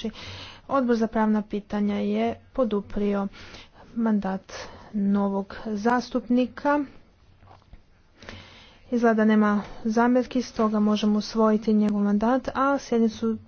Znači, odbor za pravna pitanja je poduprio mandat novog zastupnika. Izgleda nema zamjerki, stoga možemo usvojiti njegov mandat, a sjednicu